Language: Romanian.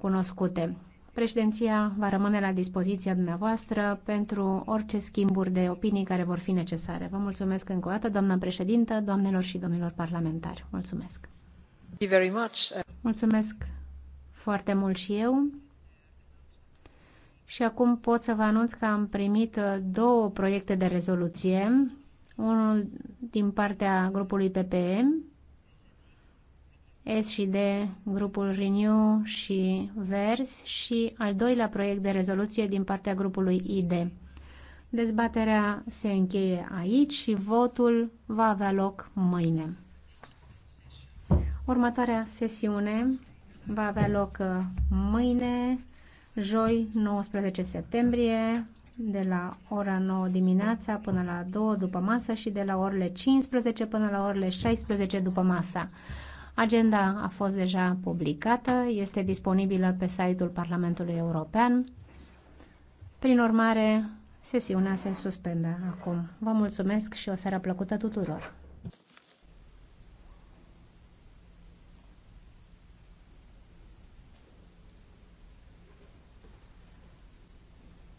cunoscute. Președinția va rămâne la dispoziția dumneavoastră pentru orice schimburi de opinii care vor fi necesare. Vă mulțumesc încă o dată, doamna președintă, doamnelor și domnilor parlamentari. Mulțumesc! Mulțumesc foarte mult și eu. Și acum pot să vă anunț că am primit două proiecte de rezoluție, unul din partea grupului PPM S și D, grupul Renew și Vers și al doilea proiect de rezoluție din partea grupului ID. Dezbaterea se încheie aici și votul va avea loc mâine. Următoarea sesiune va avea loc uh, mâine, joi 19 septembrie, de la ora 9 dimineața până la 2 după masă și de la orele 15 până la orele 16 după masă Agenda a fost deja publicată, este disponibilă pe site-ul Parlamentului European. Prin urmare, sesiunea se suspendă acum. Vă mulțumesc și o seară plăcută tuturor!